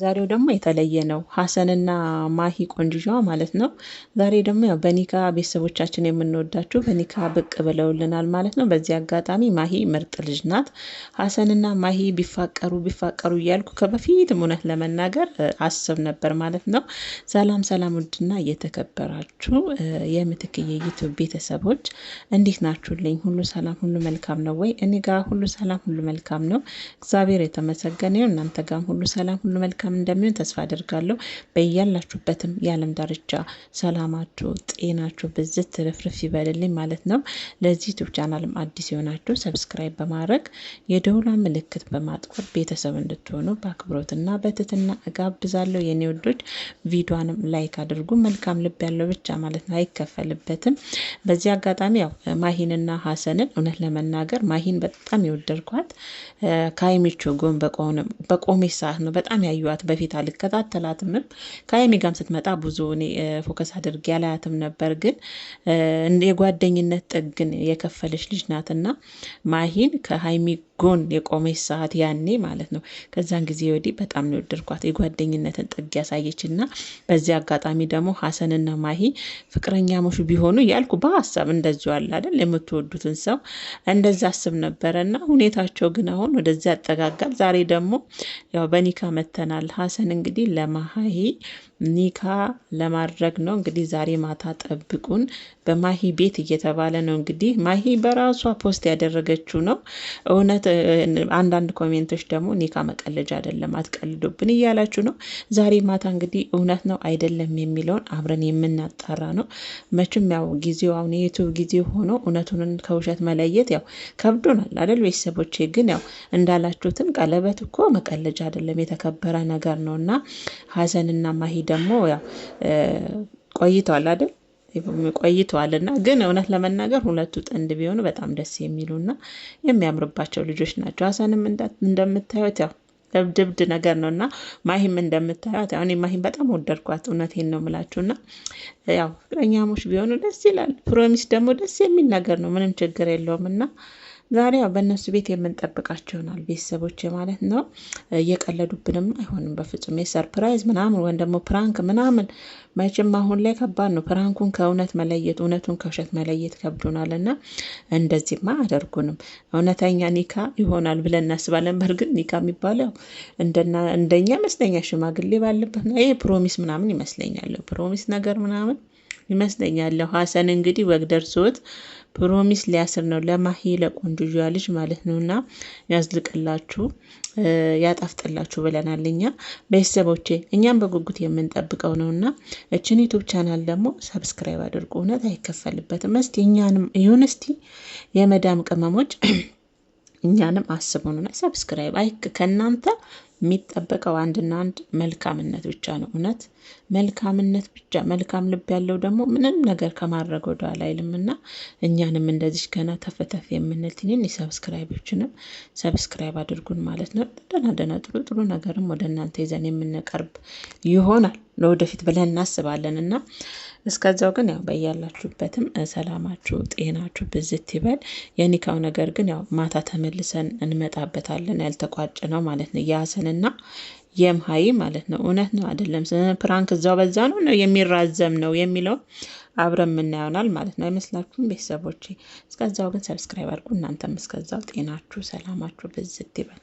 ዛሬው ደግሞ የተለየ ነው። ሀሰንና ማሂ ቆንጅዬዋ ማለት ነው። ዛሬ ደግሞ ያው በኒካ ቤተሰቦቻችን የምንወዳችሁ በኒካ ብቅ ብለውልናል ማለት ነው። በዚህ አጋጣሚ ማሂ ምርጥ ልጅ ናት። ሀሰንና ማሂ ቢፋቀሩ ቢፋቀሩ እያልኩ ከበፊት እውነት ለመናገር አስብ ነበር ማለት ነው። ሰላም ሰላም፣ ውድና እየተከበራችሁ የምትክ ቤተሰቦች እንዴት ናችሁልኝ? ሁሉ ሰላም፣ ሁሉ መልካም ነው ወይ? እኔ ጋር ሁሉ ሰላም፣ ሁሉ መልካም ነው። እግዚአብሔር የተመሰገነ ይሁን። እናንተ ጋርም ሁሉ ሰላም፣ ሁሉ መልካም መልካም እንደሚሆን ተስፋ አድርጋለሁ። በያላችሁበትም የዓለም ዳርቻ ሰላማችሁ፣ ጤናችሁ ብዝት ትርፍርፍ ይበልልኝ ማለት ነው። ለዚህ ዩቱብ ቻናልም አዲስ የሆናችሁ ሰብስክራይብ በማድረግ የደውላ ምልክት በማጥቆር ቤተሰብ እንድትሆኑ በአክብሮትና በትትና እጋብዛለሁ። የኔ ወዶች ቪዲዮንም ላይክ አድርጉ። መልካም ልብ ያለው ብቻ ማለት ነው፣ አይከፈልበትም። በዚህ አጋጣሚ ያው ማሂንና ሀሰንን እውነት ለመናገር ማሂን በጣም የወደድኳት ከሀይሚቾ ጎን በቆሜ ሰዓት ነው በጣም ያዩዋት ከመምጣት በፊት አልከታተላትምም። ከሀይሚ ጋም ስትመጣ ብዙ እኔ ፎከስ አድርጌ አላያትም ነበር፣ ግን የጓደኝነት ጥግን የከፈለች ልጅ ናትና ማሂን ከሀይሚ ጎን የቆመች ሰዓት ያኔ ማለት ነው። ከዛን ጊዜ ወዲህ በጣም ነው የወደድኳት። የጓደኝነትን ጥግ ያሳየች እና በዚህ አጋጣሚ ደግሞ ሀሰንና ማሂ ሞሹ ቢሆኑ ያልኩ በሀሳብ እንደዚ አለ አይደል የምትወዱትን ሰው እንደዛ አስብ ነበረ እና ሁኔታቸው ግን አሁን ወደዚ ያጠጋጋል። ዛሬ ደግሞ ያው በኒካ መተናል። ሀሰን እንግዲህ ለማሂ ኒካ ለማድረግ ነው እንግዲህ ዛሬ ማታ ጠብቁን በማሂ ቤት እየተባለ ነው እንግዲህ ማሂ በራሷ ፖስት ያደረገችው ነው እውነት አንዳንድ ኮሜንቶች ደግሞ ኒካ መቀለጃ አይደለም አትቀልዶብን እያላችሁ ነው። ዛሬ ማታ እንግዲህ እውነት ነው አይደለም የሚለውን አብረን የምናጣራ ነው። መቼም ያው ጊዜው አሁን የዩቱብ ጊዜ ሆኖ እውነቱን ከውሸት መለየት ያው ከብዶናል አይደል ቤተሰቦቼ። ግን ያው እንዳላችሁትም ቀለበት እኮ መቀለጃ አይደለም የተከበረ ነገር ነው እና ሀሰንና ማሂ ደግሞ ያው ቆይተዋል አይደል ቆይተዋል እና ግን እውነት ለመናገር ሁለቱ ጥንድ ቢሆኑ በጣም ደስ የሚሉ ና የሚያምርባቸው ልጆች ናቸው። ሀሰንም እንደምታዩት ያው ድብድብ ነገር ነው እና ማሂም እንደምታዩት ያው እኔ ማሂም በጣም ወደድኳት። እውነቴን ነው የምላችሁ እና ያው ፍቅረኛሞች ቢሆኑ ደስ ይላል። ፕሮሚስ ደግሞ ደስ የሚል ነገር ነው። ምንም ችግር የለውም እና ዛሬ ያው በእነሱ ቤት የምንጠብቃቸው ይሆናል ቤተሰቦች ማለት ነው። እየቀለዱብንም አይሆንም በፍጹም። የሰርፕራይዝ ምናምን ወይም ደግሞ ፕራንክ ምናምን መቼም አሁን ላይ ከባድ ነው። ፕራንኩን ከእውነት መለየት፣ እውነቱን ከውሸት መለየት ከብዶናል እና እንደዚህማ አደርጉንም እውነተኛ ኒካ ይሆናል ብለን እናስባለን። በእርግጥ ኒካ የሚባለው እንደኛ ይመስለኛ ሽማግሌ ባለበት ነው። ይሄ ፕሮሚስ ምናምን ይመስለኛል፣ ፕሮሚስ ነገር ምናምን ይመስለኛል። ሀሰን እንግዲህ ወግ ደርሶት ፕሮሚስ ሊያስር ነው። ለማሂ ለቆንጆዋ ልጅ ማለት ነው እና ያዝልቅላችሁ ያጣፍጥላችሁ ብለናል እኛ ቤተሰቦቼ፣ እኛም በጉጉት የምንጠብቀው ነው እና እችን ዩቱብ ቻናል ደግሞ ሰብስክራይብ አድርጉ። እውነት አይከፈልበትም። እስቲ እኛንም ይሁን እስቲ የመዳም ቅመሞች እኛንም አስቡን። ሰብስክራይብ አይክ ከእናንተ የሚጠበቀው አንድና አንድ መልካምነት ብቻ ነው። እውነት መልካምነት ብቻ። መልካም ልብ ያለው ደግሞ ምንም ነገር ከማድረግ ወደኋላ እና እኛንም እንደዚህ ገና ተፈተፍ የምንል ትንን የሰብስክራይቦችንም ሰብስክራይብ አድርጉን ማለት ነው። ደህና ደህና ጥሩ ጥሩ ነገርም ወደ እናንተ ይዘን የምንቀርብ ይሆናል። ለወደፊት ብለን እናስባለን እና እስከዛው ግን ያው በያላችሁበትም ሰላማችሁ ጤናችሁ ብዝት ይበል። የኒካው ነገር ግን ያው ማታ ተመልሰን እንመጣበታለን። ያልተቋጭ ነው ማለት ነው የሀሰንና የምሀይ ማለት ነው። እውነት ነው አይደለም፣ ፕራንክ እዛው በዛ ነው ነው የሚራዘም ነው የሚለው አብረን የምናየውናል ማለት ነው። አይመስላችሁም ቤተሰቦቼ? እስከዛው ግን ሰብስክራይብ አድርጉ። እናንተም እስከዛው ጤናችሁ ሰላማችሁ ብዝት ይበል።